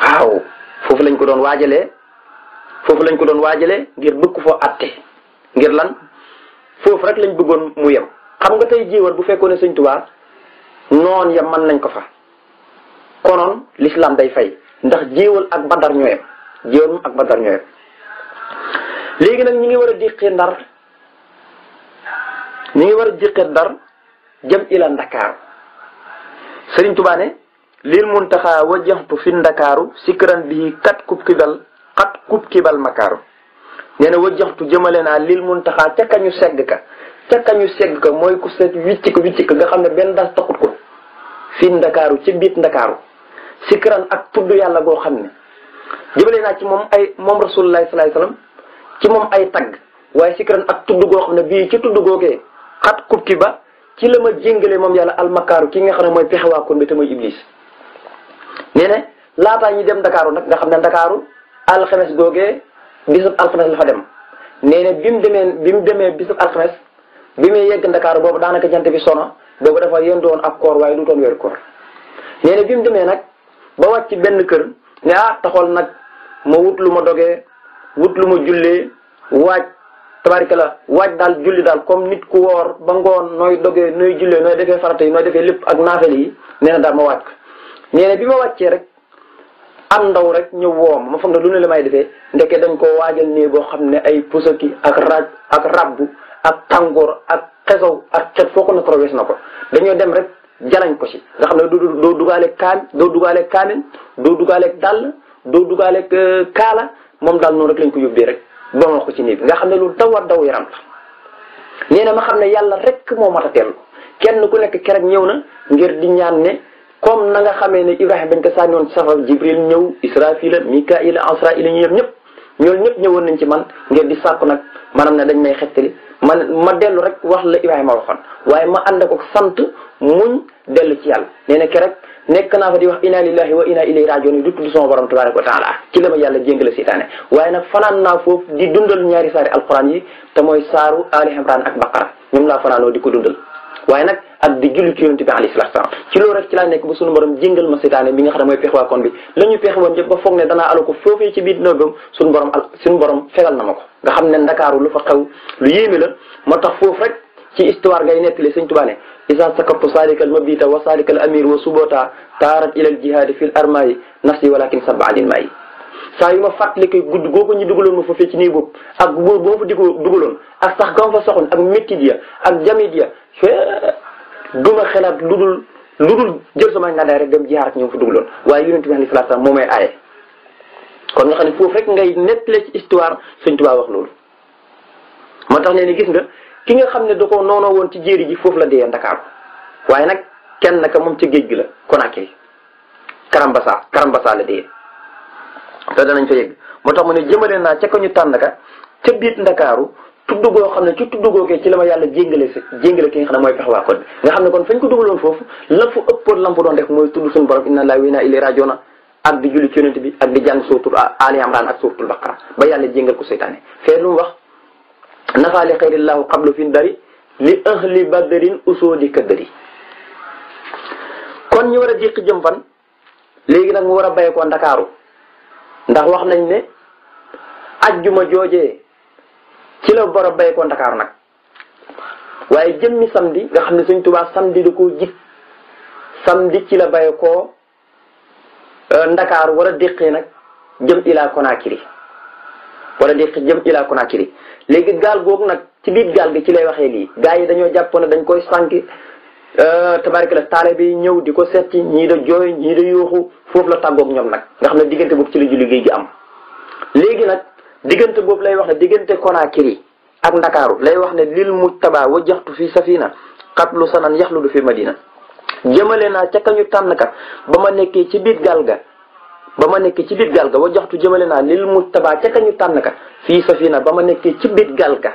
[SPEAKER 1] waaw foofu lañ ko doon waajalee foofu lañ ko doon waajalee ngir bëgg ko foo atte ngir lan foofu rek lañ bëggoon mu yem xam nga tey jéewal bu fekkoon ne sëñ Tuubaa noon ya mën nañ ko fa konoon l'islam day fay ndax jéewal ak badar ñoo yem jéewal ak badar ñoo léegi nag ñi ngi war a diqi ndar ñi ngi war a diqi ndar jëm illa ndakaaru sëriñ Tuubaa ne lil muntaxaa wajjaxtu fi ndakaaru sikran bii kat kub kibal kat kub kibal makaaru nee na wajjaxtu jëmale naa lil muntaxaa ca kañu segg ka ca kañu segg ka mooy ku set ko wicc nga xam ne benn daas taxut ko fii ndakaaru ci biit ndakaaru sikran ak tudd yàlla goo xam ne jëmale naa ci moom ay moom rasulullahi sallallahu alayhi wasallam ci moom ay tagg waaye sikran ak tudd goo xam ne bii ci tudd googee xat kubti ba ci la ma jéngale moom yàlla almakaaru ki nga xam ne mooy pexewaakoon bi te mooy iblis nee na laataa ñuy dem ndakaaru nag nga xam ne ndakaaru alxames googee bisub alxames la fa dem nee bi mu demee bi mu demee bisub alxames bi muy yegg ndakaaru boobu daanaka jant bi sono boobu dafa yendoon ak koor waaye du toon weeru koor nee bi mu demee nag ba wàcc benn kër ne ah taxool nag ma wut lu ma dogee wut lu ma jullee waaj tabarika la waaj daal julli daal comme nit ku woor ba ngoon nooy dogee nooy jullee nooy defee farata yi nooy defee lépp ak naafel yi nee na daal ma waaj ko bi ma wàccee rek am ndaw rek ñu woom ma foog na lu ne la may defee ndeke dañ ko waajal nii boo xam ne ay pusaki ak raj ak rabbu ak tàngoor ak xesaw ak xet foo ko na toro wees na ko dañoo dem rek jalañ ko ci nga xam ne doo dugaale kaan doo dugaale kaamin doo dugaale dàll doo dugaale euh, kaala moom daal noonu rek lañ ko yóbbee rek ba ma ko ci nii nga xam ne lu daw a daw yaram la na ma xam ne yàlla rek moo mat a teellu kenn ku nekk keroog ñëw na ngir di ñaan ne comme na nga xamee ne Ibrahima dañ ko sànni woon ci safara Jibril ñëw Israfila Mikaila Asraila ñu ñëpp ñooñu ñëpp ñëwoon nañ ci man ngeen di sàkku nag maanaam ne dañ may xettali man ma dellu rek wax la Ibrahima waxoon waaye ma ànd ko sant muñ dellu ci yàlla nee na ke rek nekk naa fa di wax inna lillahi wa inna ilayhi rajiun di tudd sama borom tabaraka wa taala ci la ma yàlla jéngale seytaane waaye nag fanaan naa foofu di dundal ñaari saari alquran yi te mooy saaru Ali Imran ak ñoom laa fanaanoo di ko dundal waaye nag ak di julli ci yonent bi alayhi salaatu salaam loolu rek ci la ñu pexe woon yëpp ba foog ne danaa ci biir nëbbam sunu borom al sunu ko nga xam ne ndakaaru lu fa xew la moo tax foofu rek ci histoire ngay nettali sëñ Tuubaa ne isa sakabtu salikal wa salikal amir wa subota taarat ilal jihaadi fil armayi nafsi walakin sabba ma fàttalikoo gudd goo ko ñu dugaloon ma fa fee ci nii boobu ak boo boo fa di ko dugaloon ak sax gam fa soxoon ak métti ya ak jamit ya du ma xelaat lu dul lu dul jël sama ngàndaay rek dem jihaar ak ñoom fa dugaloon waaye yonent bi alayhi salaatu salaam moo may aaye kon nga xam ne foofu rek ngay nettale ci histoire Sëñ Tuubaa wax loolu moo tax nee ni gis nga ki nga xam ne da ko noonoo woon ci jéeri ji foofu la dee Ndakaaru waaye nag kenn naka moom ci géej gi la Conakry Karambasa Karambasa la dee te danañ fa yegg moo tax mu ne jëmale naa ca ko ñu tànn ka ca biir Ndakaaru tudd goo xam ne ci tudd googee ci la ma yàlla jéngale si jéngale ki nga xam ne mooy kon nga xam ne kon ko dugaloon foofu la fu ëppoon lam fa doon def mooy tudd suñu borom inna laa wa inna a raaji'uun ak di julli ci yonent bi ak di jàng suuratul ah, Aali Imraan ak suuratul Baqara ba yàlla jéngal ko seytaane fee lu mu wax nafaa li xayrillaahu qablu fi dari li ahli badrin usoodi kadari kon ñu war a jéqi jëm fan léegi nag mu war a bayekoo ndakaaru ndax wax nañ ne ajjuma joojee ci la borom bay ko Ndakaaru nag waaye jëmmi samedi nga xam ne Sëñ Tuubaa samedi da koo jig samedi ci la bay ko euh, Ndakaaru war a déqee nag jëm ilaa Konakiri war a jëm ilaa Konakiri léegi gaal googu nag ci biir gaal gi ci lay waxee lii gars yi dañoo jàppoon dañ koy sànq euh, tabaraka la taale bi ñëw di ko seet ci ñii da jooy ñii da yooxu foofu la tàggoog ñoom nag nga xam ne diggante boobu ci la julli géej gi am léegi nag diggante boobu lay wax ne diggante yi ak Ndakaaru lay wax ne lil mujtaba wa jaxtu fi safina xatlu sanan yaxludu fi madina jëmale naa ca kañu tànn ka ba ma nekkee ci biir gaal ga ba ma nekkee ci biir gaal ga wa jaxtu jëmale naa lil mujtaba ca kañu tànn ka fii safina ba ma nekkee ci biir gaal ga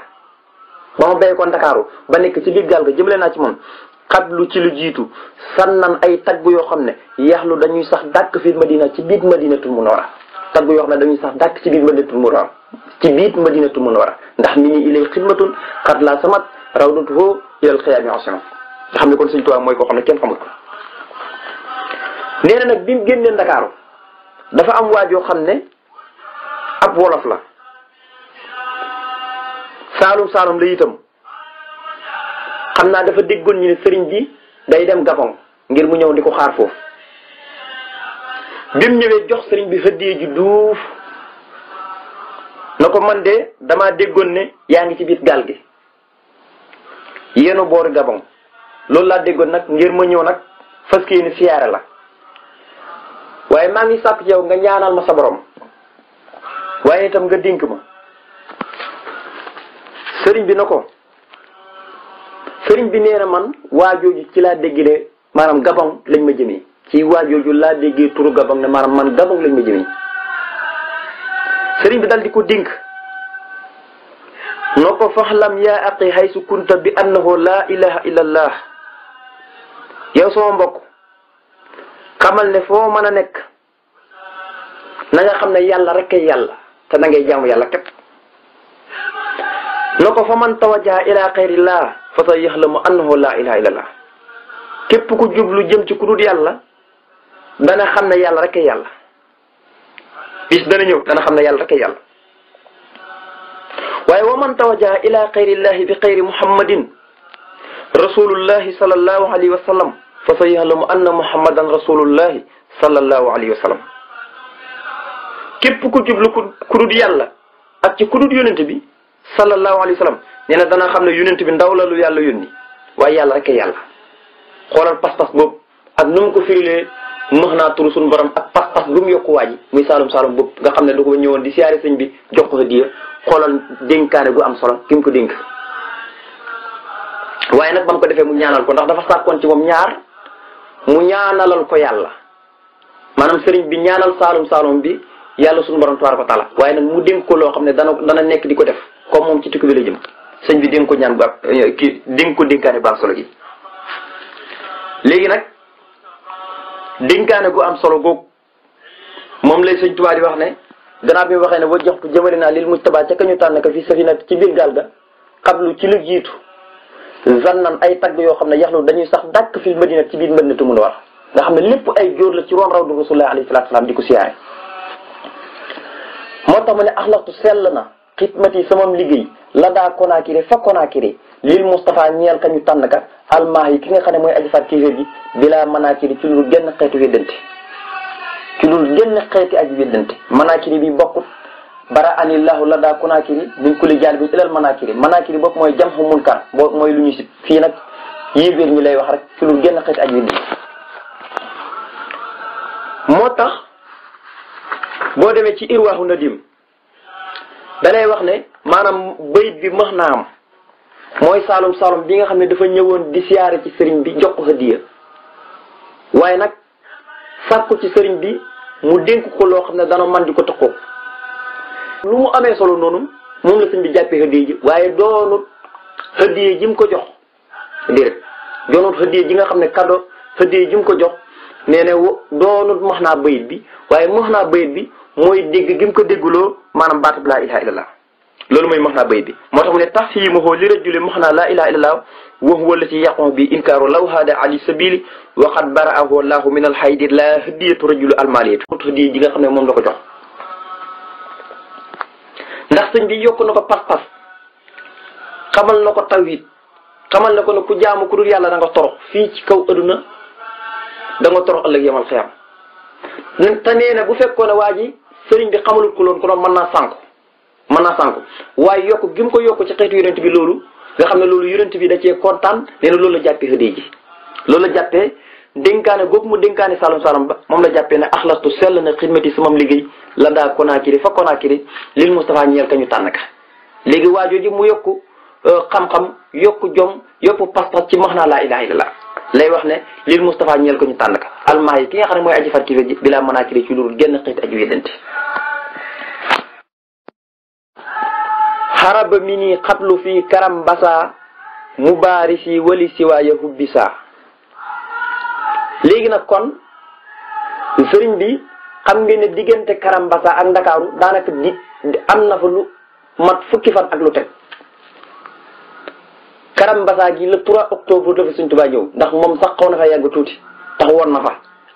[SPEAKER 1] ba ma béy Ndakaaru ba nekk ci biir gal ga jëmale naa ci moom xatlu ci lu jiitu nan ay tagg yoo xam ne yaxlu dañuy sax dàkk fi madina ci biir madinatul munawwara tagg yoo xam ne dañuy sax dàkk ci biir madinatul munawwara ci biir madinatul munawwara ndax nit ñi ilay xidmatun xat laa samat rawdatuhu ilal xiyaami asiam nga xam ne kon Sëñ mooy koo xam ne kenn xamul ko nee na nag bi mu génnee Ndakaaru dafa am waa joo xam ne ab wolof la saalum saalum la itam xam naa dafa déggoon ñu ne sëriñ bi day dem Gabon ngir mu ñëw di ko xaar foofu bi mu ñëwee jox sëriñ bi hëddee ji duuf na ko man de damaa déggoon ne yaa ngi ci biir gaal gi yéenu boori gabon loolu laa déggoon nag ngir ma ñëw nag fas yéene siyaare la waaye maa ngi sàkk yow nga ñaanal ma sa borom waaye itam nga dénk ma sëriñ bi na ko sëriñ bi nee na man waa jooju ci laa déggile maanaam gabon lañ ma jëmee ci waajooju laa déggee turu gabang ne maanaam man gabang lañ ma jëmiñ sëriñ bi dal di ko dénk noo ko faxlam yaa aqi haysu kunta bi annahu laa ilaha illa allah mbokk xamal ne foo mën a nekk na nga xam yàlla rek te na ngay jaamu yàlla képp noo ko fa man tawajjaha ila xayrillah ku jublu jëm ci ku dul yàlla dana xam ne yàlla rek yàlla bis dana ñëw dana xam ne yàlla rek a yàlla waaye wa man tawajjaha ila xayrillahi bi xayri muhammadin rasulullahi sallallahu alayhi wa sallam fa sa yaalamu anna muhammadan rasulullahi sallallahu alayhi wa sallam képp ku jublu ku yàlla ak ci ku dut yónent bi sallallahu alayhi wa sallam na dana xam ne yónent bi ndaw la lu yàlla yónni waaye yàlla rek yàlla xoolal pas-pas boobu ak nu mu ko firilee max naa turu suñu borom ak pas-pas lu mu yokku waaji muy saalum saalum bopp nga xam ne da ko ñëwoon di siyaare sëñ bi jox ko sa diya xoolal dénkaane gu am solo ki ko dénk nag ba ko defee mu ñaanal ko ndax dafa sàkkoon ci moom ñaar mu ñaanalal ko yàlla maanaam sëriñ bi ñaanal saalum saalom bi yàlla suñu borom tabaaraka wa taala waaye nag mu dénk ko loo xam ne dana dana nekk di ko def comme moom ci tukki bi la jëm sëñ bi dénk ko ñaan bu ab eh, kii dénk ko dénkaane bu am solo gi léegi nag dénkaane gu am solo googu moom lay sëñ Tuubaa yi wax ne gannaaw bi waxee ne wa jox ko jëmale naa lil mujtabaa ca ka ñu tànn ka fii safina ci biir gaal ga xablu ci lu jiitu zannan ay tagg yoo xam ne yaxlu dañuy sax dàkk fil madina ci biir madinatu mun war nga xam ne lépp ay jóor la ci roon raw du rasulullah alayhi salaatu salaam di ko siyaare moo tax ma ne axlaxtu sell na xitmati samam liggéey la daa konaakiri fa konaakiri lil Moustapha ñeel ka ñu tànn ka almaax yi ki nga xam ne mooy aj faat ci wér gi bilaa manaakiri ci lu genn xeetu wéddante ci lu genn xeeti aji wéddante manaakiri bi bokkut bara anillahu la daa kunaakiri min kulli jaal bi ilal manaakiri manaakiri bopp mooy jamxu munkar boobu mooy lu ñu si fii nag yéebéer ñu lay wax rek ci lu genn xeeti aji wéddante moo tax boo demee ci irwaahu nadim dalay wax ne maanaam bayit bi max naa am mooy saalum saalum bi nga xam ne dafa ñëwoon di siyaare ci sëriñ bi jox ko hadiya waaye nag sàkku ci sëriñ bi mu dénk ko loo xam ne dana man di ko taxoo lu mu amee solo noonu moom la sëriñ bi jàppee hadiya ji waaye doonut hadiya ji mu ko jox déedéet doonut hadiya ji nga xam ne kado hadiya ji mu ko jox nee ne doonut max naa bayit bi waaye max naa bayit bi mooy dégg gi mu ko dégguloo maanaam baatu bi laa ilaha illallah loolu mooy max naa bay bi moo tax mu ne tax si yi ma xoo li rajuli max naa laa ilaha illallah wa huwa la ci bi ne moom la ko jox ndax sëñ yokk na ko pas-pas xamal na ko tawhid xamal na ko na ku jaamu ku dul yàlla da nga torox fii ci kaw adduna da nga torox ëllëg yemal xiyam te nee bu fekkoon ne waa ji sëriñ bi xamalul ko loon ko doon mën naa sànku mën naa sànku waaye yokk gi mu ko yokk ci xeetu yonent bi loolu nga xam ne loolu yonent bi da cee kontaan nee na loolu la jàppee hëdee ji loolu la jàppee dénkaane googu mu dénkaane salum salum ba moom la jàppee ne axlastu sell na xidmati samam liggéey la daa konaakiri fa konaakiri lil Moustapha ñeel ka ñu tànn ka léegi waajooji mu yokk euh, xam-xam yokk jom yokk pas-pas ci max naa laa ilaha la lay wax ne lil Moustapha ñeel ko ñu tànn ka almaa yi ki nga xam ne mooy aji far ki bi laa manaakiri ci loolu génn xeet aji haraba mini xablu fii karam basaa mubaarisi wali siwaaya hubbi saa léegi nag kon sëriñ bi xam ngeen ne diggante karam basaa ak ndakaaru daanaka di am na fa lu mat fukki fan ak lu teg karam gi le 3 octobre la fa Sëriñ Tuubaa ñëw ndax moom sax xaw na fa yàgg tuuti tax woon na fa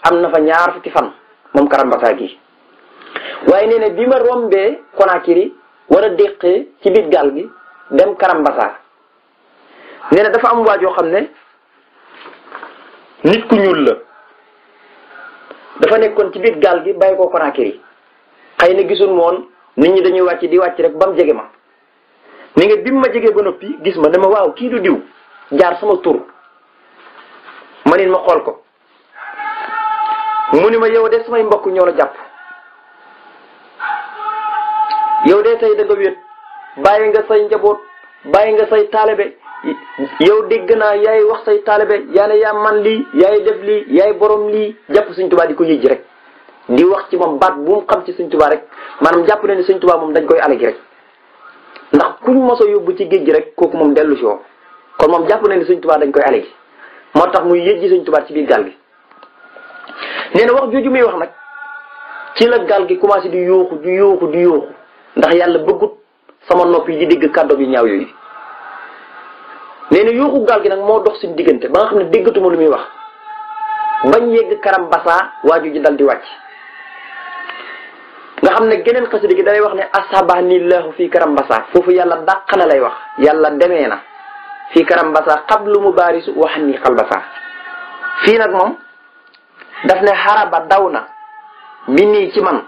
[SPEAKER 1] am na fa ñaar fukki fan moom karam gi waaye nee na bi ma war a déqee ci biir gaal gi dem karam basaar nee na dafa am waaj yoo xam ne nit ku ñuul la dafa nekkoon ci biir gaal gi bàyyi ko Conakry xëy na gisul moon nit ñi dañuy wàcc di wàcc rek ba mu jege ma ni nga bim ma jegee ba noppi gis ma ne ma waaw kii du diw jaar sama tur ma nit ma xool ko mu ni ma yow de samay mbokk ñoo la jàpp yow de tey da nga wéet bàyyi nga say njaboot bàyyi nga say taalibe yow dégg naa yaay wax say taalibe yaa ne yaa man lii yaay def lii yaay borom lii jàpp Sëñ Tuubaa di ko yëj rek di wax ci moom baat bu xam ci Sëñ Tuubaa rek maanaam jàpp na ne Sëñ Tuubaa moom dañ koy alagi rek ndax kuñ moso yóbbu ci géej gi rek kooku moom dellu si woo kon moom jàpp na dañ koy alagi moo tax muy yëj ji Sëñ Tuubaa ci biir gaal gi nee wax jooju muy wax nag ci la gaal gi commencé di yuuxu di yuuxu di yuuxu ndax yàlla bëggut sama nopp yi di dégg kàddoom yu ñaaw yooyu nee na yooxu gaal gi nag moo dox suñu diggante ba nga xam ne déggatuma lu muy wax bañ yegg karam basaa waaju ji dal di wàcc nga xam ne geneen xasida gi dalay wax ne asabanillahu fii karam basaa foofu yàlla dàq na lay wax yàlla demee na fii karam basaa lu mu baarisu wax ni xal fii nag moom daf ne xaraba daw na bi nii ci man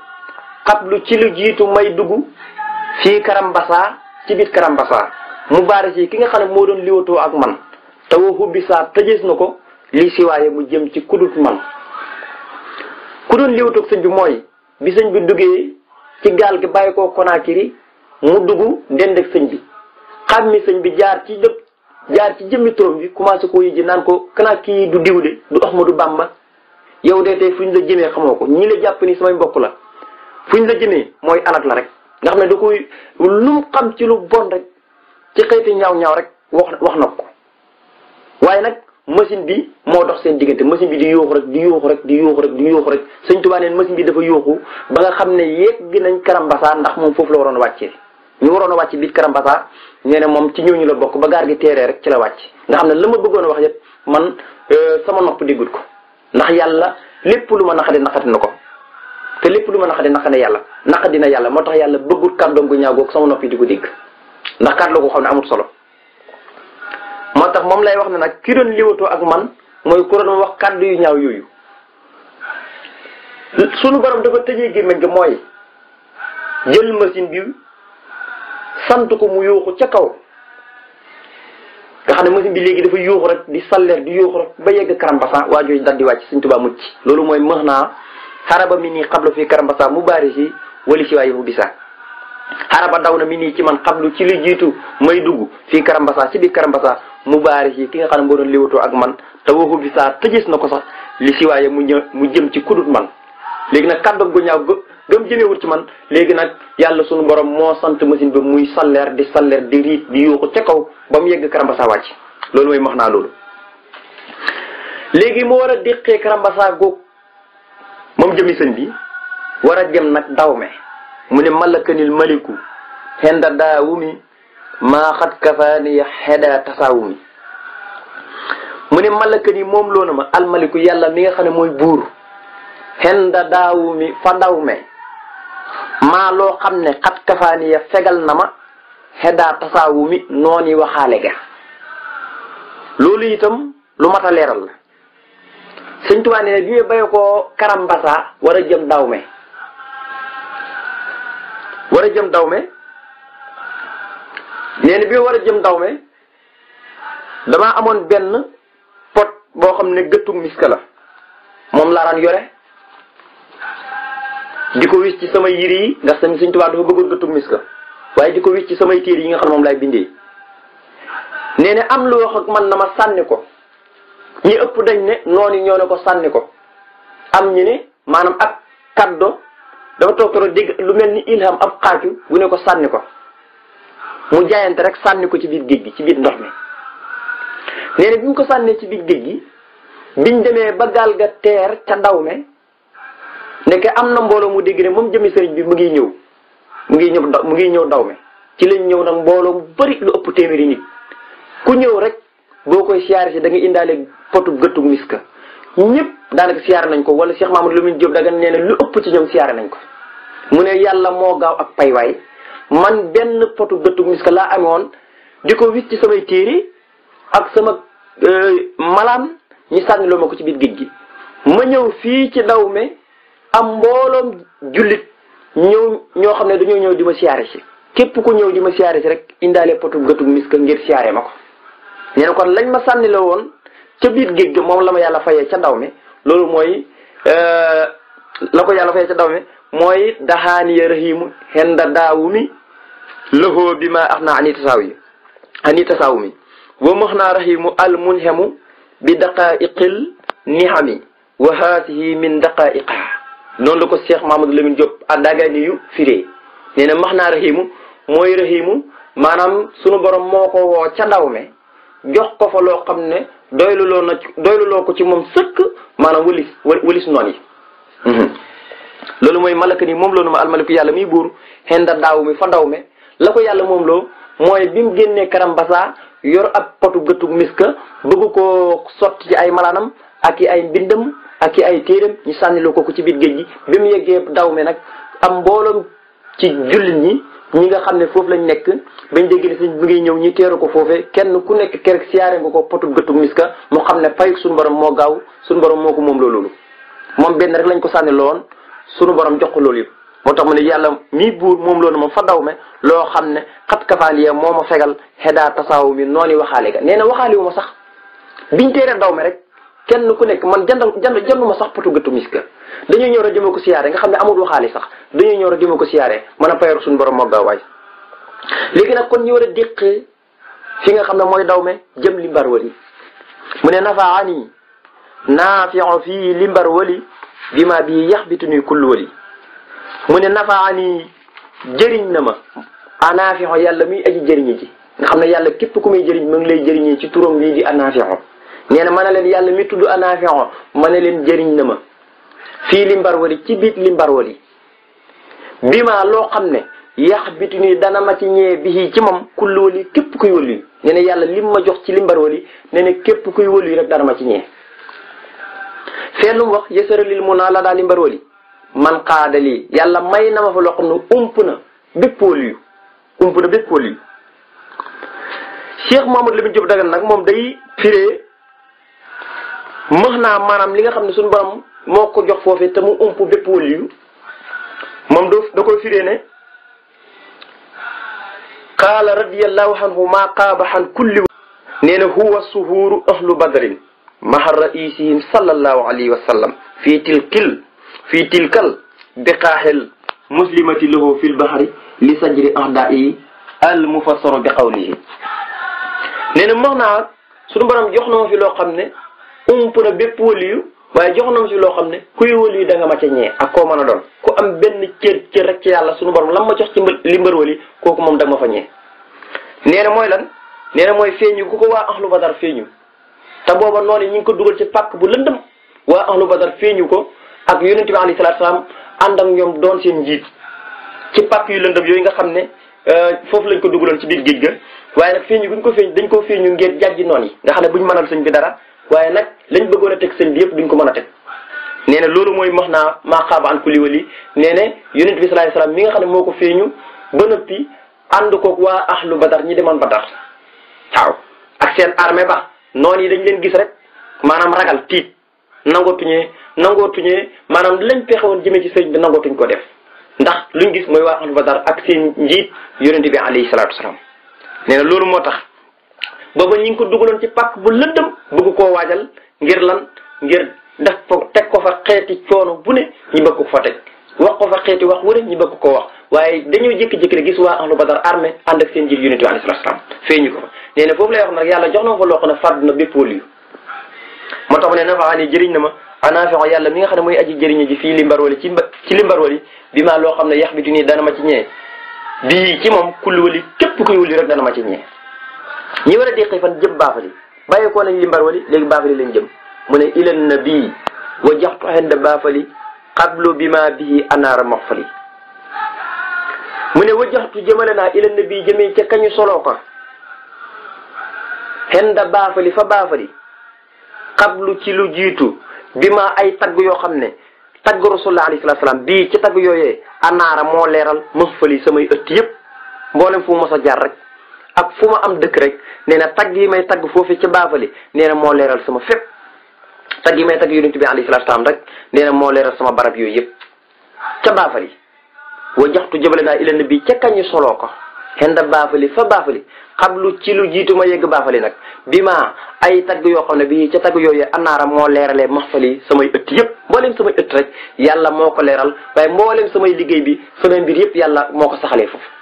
[SPEAKER 1] xablu ci lu jiitu may dugg fii karambasa ci biir karambasa mu baare ci ki nga xam ne moo doon liwatoo ak man te woo hubbi saa tëjees na ko lii siwaaye mu jëm ci kudut man ku doon liwatoo ak sëñ bi sëñ bi duggee ci gaal gi bàyyi koo Konaakiri mu dugg dend ak sëñ bi xàmmi sëñ bi jaar ci jëpp jaar ci jëmmi turam bi commencé koo yëjji naan ko kanaa kii du diw de du Ahmadu Bamba yow de tey fu ñu la jëmee xamoo ko ñi la jàpp ni samay mbokk la fu ñu la jëmee mooy alak la rek nga xam ne da koy lu mu xam ci lu bon rek ci xeeti ñaaw-ñaaw rek wax wax na ko waaye nag machine bi moo dox seen diggante machine bi di yooxu rek di yooxu rek di yooxu rek di yooxu rek sëñ Tuubaa neen machine bi dafa yooxu ba nga xam ne yegg nañ Karambasa ndax moom foofu la waroon a wàccee ñu waroon a wàcc biir Karambasa nee na moom ci ñu la bokk ba gaar gi teeree rek ci la wàcc nga xam ne la ma bëggoon a wax yëpp man euh, sama nopp déggul ko ndax yàlla lépp lu ma naxati naxati na ko te lépp du ma naqadi naqadi yàlla naqadi na yàlla moo tax yàlla bëggut kàddoom gu ñaaw googu sama noppi di ko dégg ndax kàddu ko xam ne amul tax moom lay wax ne nag ki doon ak man mooy ku wax kàddu yu ñaaw yooyu sunu dafa tëjee gémmiñ gi mooy jël machine sant ko mu yuuxu ca kaw nga xam ne machine bi léegi dafa yuuxu rek di salleer di yuuxu ba yegg karambasa waa jooju di wàcc suñ tubaab mucc mooy mëx naa xaraba mi nii xablu fii karambasa mu baari si wali si fu bisa xaraba daw na mi nii ci man xablu ci li jiitu may dugg fii karambasa si biir karambasa mu baari si ki nga xam ne moo doon liwatoo ak man te waxu bisa tëjës na ko sax li si waaye mu ñë mu jëm ci kudut man léegi nag kàddoom gu ñaaw gëm jëmewut ci man léegi nag yàlla sunu borom moo sant machine bi muy salleer di salleer di riit di yuuxu ca kaw ba mu yegg karambasa wàcc loolu mooy max naa loolu léegi moo war a déqee moom jëmi sëñ bi war a jëm nag mu ne malakanil maliku xenda daawumi maa xat kafaani xeda tasaawumi mu ne malakani moom loona ma almaliku yàlla mi nga xam ne mooy buur xenda daawumi fa dawme maa loo xam ne xat kafaani ya fegal na ma xeddaa tasaawumi nooni waxaale ga loolu itam lu mat leeral sëñ Tuubaa bi lii baye ko Karambasa war a jëm daw me war a jëm daw me na bi war a jëm daw me damaa amoon benn pot boo xam ne gëttu miska la moom laa daan yore di ko wis ci sama yiri yi ndax sëñ sëñ Tuubaa dafa bëggoon gëttu miska waaye di ko wis ci samay téere yi nga xam ne moom laay bindee nee am lu wax ak man na ma sànni ko. ñi ëpp dañ ne noonu ñoo ne ko sànni ko am ñu ne maanaam ak kaddo dafa toog toog dégg lu mel ni ilham ab xaaju bu ne ko sànni ko mu jaayante rek sànni ko ci biir géej gi ci biir ndox mi nee na bi ñu ko sànnee ci biir géej gi biñ demee ba gaal ga teer ca ndaw me nekk am na mbooloo mu dégg ne moom jëmi sëriñ bi mu ngi ñëw mu ngi ñëw mu ngi ñëw ndaw me ci lañ ñëw nag mbooloo mu bari lu ëpp téeméeri nit ku ñëw rek boo koy siyaare si da nga indaale potu gëttu miska ñëpp daanaka siyaare nañ ko wala Cheikh Mamadou Lamine Diop daga nee na lu ëpp ci ñoom siyaare nañ ko mu ne yàlla moo gaaw ak paywaay man benn potu gëttu laa amee woon ko wis ci samay téere ak sama euh, malaan ñu sànni ma ko ci biir géej gi ma ñëw fii ci daw me am mbooloom jullit ñëw ñoo xam ne dañoo ñëw di ma siyaare si képp ku ñëw di ma siyaare si rek indaale potu gëttu miska ngir siyaare ma ko nee na kon lañ ma sànni la woon ca biir géej ga moom la ma yàlla fayee ca ndaw mi loolu mooy euh, la ko yàlla fayee ca ndaw mi mooy daxaaniya rahimu henda daawu mi lahoo bi ma ax naa ani tasaaw yi ani tasaaw mi max naa rahimu al munhemu bi daqaiqil nihami wa haatihi min daqaiqaa noonu la ko Cheikh Mamadou Lamine a àddagaani yu firee nee na max naa rahimu mooy rahimu maanaam sunu borom moo ko ca ndaw me jox ko fa loo xam ne doyluloo na doyluloo ko ci moom sëkk maanaam wëlis wëlis noon yi mhm. loolu mooy malaka ni moom loo nu ma almaliku yàlla miy buur xenda daaw mi fa ndaw me la ko yàlla moom loo mooy bi mu génnee karam basaa yor ab potu gëtu miska bëgg ko sotti ci ay malaanam ak i ay mbindam ak i ay téeram ñu sànniloo ko ko ci biir géej gi bi mu yeggee daw mi nag am mbooloom ci jullit ñi ñi nga xam ne foofu lañ nekk bañ dégg ni sëñ bi ngay ñëw ñi teeru ko foofee kenn ku nekk kerek siyaare nga ko potu gëttu miska mu xam ne fayuk suñu borom moo gaaw suñu borom moo ko moom loolu moom benn rek lañ ko sànni loon suñu borom jox ko loolu yëpp moo tax mu ne yàlla mii buur moom loolu moom fa daw loo xam ne xat kafaaliya moo ma fegal xedaa tasaawu mi noonu waxaale ga nee na waxaale wu sax biñ teere daw me rek kenn ku nekk man jandal jand janduma sax potu gëttu miska dañuy ñëw rek dima ko siyaare nga xam ne amul waxaale sax dañuy ñor a dima ko siyaare mën a payaru suñu borom moo gaawaay léegi nag kon ñu war a déq fi nga xam ne mooy daw me jëm limbar wali mu ne nafaani naafiu fii limbar bi ma bii yax bitu nuy kull mu ne nafaani jëriñ na ma anaafiu yàlla muy aji jëriñi ji nga xam ne yàlla képp ku muy jëriñ mu ngi lay jëriñi ci turam bii di anaafiu nee na ma ne leen yàlla mi tudd anaafion ma ne leen jëriñ na ma fii li mbarwari ci biit li mbarwari bi ma loo xam ne yax bitu nii dana ma ci ñee bi ci moom kulli wali képp kuy wëlu yi nee yàlla lim ma jox ci li mbarwari nee na képp kuy wëlu yi rek dana ma ci ñee feelum wax yësëralil mu naa la daal li mbarwari man xaadalii yàlla may na ma fa loo xam ne ump na bépp wëlu yu ump na bépp wëlu yu Cheikh Mamadou Lamine Diop Dagana nag moom day firee max naa maanaam li nga xam ne suñu borom moo ko jox foofee te mu ump bépp waliyu moom doo da koy firee ne qaala radiallahu anhu maa qaaba xan kulli nee na huwa suhuuru ahlu badrin maha raisihim sallallahu alayhi wa sallam fii tilkil fii tilkal biqaaxil muslimati lahu fi lbahari li sajri ahdaa'i al mufassaru bi qawlihi nee na max naa suñu borom jox na ma fi loo xam ne ump na bépp waliyu waaye jox nañ si loo xam ne kuy waliyu da nga ma ca ñee ak koo mën a doon ku am benn cër cër rek ci yàlla suñu borom lan ma jox ci li mbër wali kooku moom da ma fa ñee nee na mooy lan nee na mooy feeñu ku ko waa ahlu badar feeñu te booba noonu ñi ngi ko dugal ci pàkk bu lëndëm waa ahlu badar feeñu ko ak yonente bi alayhi salaatu salaam ànd ak ñoom doon seen njiit ci pàkk yu lëndëm yooyu nga xam ne euh, foofu lañ ko dugaloon ci biir géej ga waaye nag feeñu guñ ko feeñ dañ ko feeñu ngir jàjji noon yi nga xam ne buñ mënal sëñ bi dara waaye nag lañ bëggoon a sëñ bi yëpp duñ ko mën a teg nee na loolu mooy max naa maa xaaba an kulli wali nee ne yonent bi sallallahu alayhi wasallam mi nga xam ne moo ko feeñu ba noppi ànd koog waa ahlu badar ñi demoon badar waaw ak seen armée ba noon yi dañ leen gis rek maanaam ragal tiit nangootuñee nangootuñee maanaam lañ pexewoon jëmee ci sëñ bi nangootuñ ko def ndax luñ gis mooy waa ba dar ak seen njiit yonent bi alayhi salaatu wasalaam nee na loolu moo tax booba ñi ngi ko dugaloon ci pàkk bu lëndëm bëgg koo waajal ngir lan ngir def ko teg ko fa xeeti coono bu ne ñu bëgg ko fa teg wax ko fa xeeti wax wu ne ñu bëgg ko wax waaye dañoo jékki-jékki rek gis waa ahlu badar armée ànd ak seen njiit yonent bi salaam feeñu ko fa nee foofu lay wax nag yàlla jox na fa loo xam ne na bépp waliyu moo tax mu ne nafa ni jëriñ na ma anafixo yàlla mi nga xam ne mooy aji jëriñu ji fii li mbar wali ci ci li mbar wali bi loo xam ne yax bi du dana ma ci ñee bii ci moom kullu wali képp koy wali rek dana ma ci ñee ñi war a deqi fan jëm baafali bàyyeekoo nañ li mbar wali léegi baafali lañ jëm mu ne ila nabii wa jaxtu xenda baafali qablu bima bihi anaara maxfali mu ne wa jaxtu jëmale naa ila nabii jëmee ca kañu soloo ko xenda baafali fa baafali qablu ci lu jiitu ma ay tagg yoo xam ne tagg rasulullah alayhi salaatu salaam bii ci tagg yooyee anaara moo leeral maxfali samay ëtt yëpp mboolem fu mu mos a jaar rek ak fu ma am dëkk rek nee na tagg yi may tagg foofu ci baafali nee na moo leeral sama fépp tagg yi may tagg yonent bi alayhi salaatu salaam rek nee na moo leeral sama barab yooyu yëpp ca baafali wa jaxtu jëbale naa ila nabi ca kañu soloo ko xenda baafali fa baafali xablu ci lu jiitu ma yegg baafali nag bi ma ay tagg yoo xam ne bii ca tagg yooyu anaaram moo leeralee maxfali samay ëtt yëpp mbooleem samay ëtt rek yàlla moo ko leeral waaye mbooleem samay liggéey bi samay mbir yëpp yàlla moo ko saxalee foofu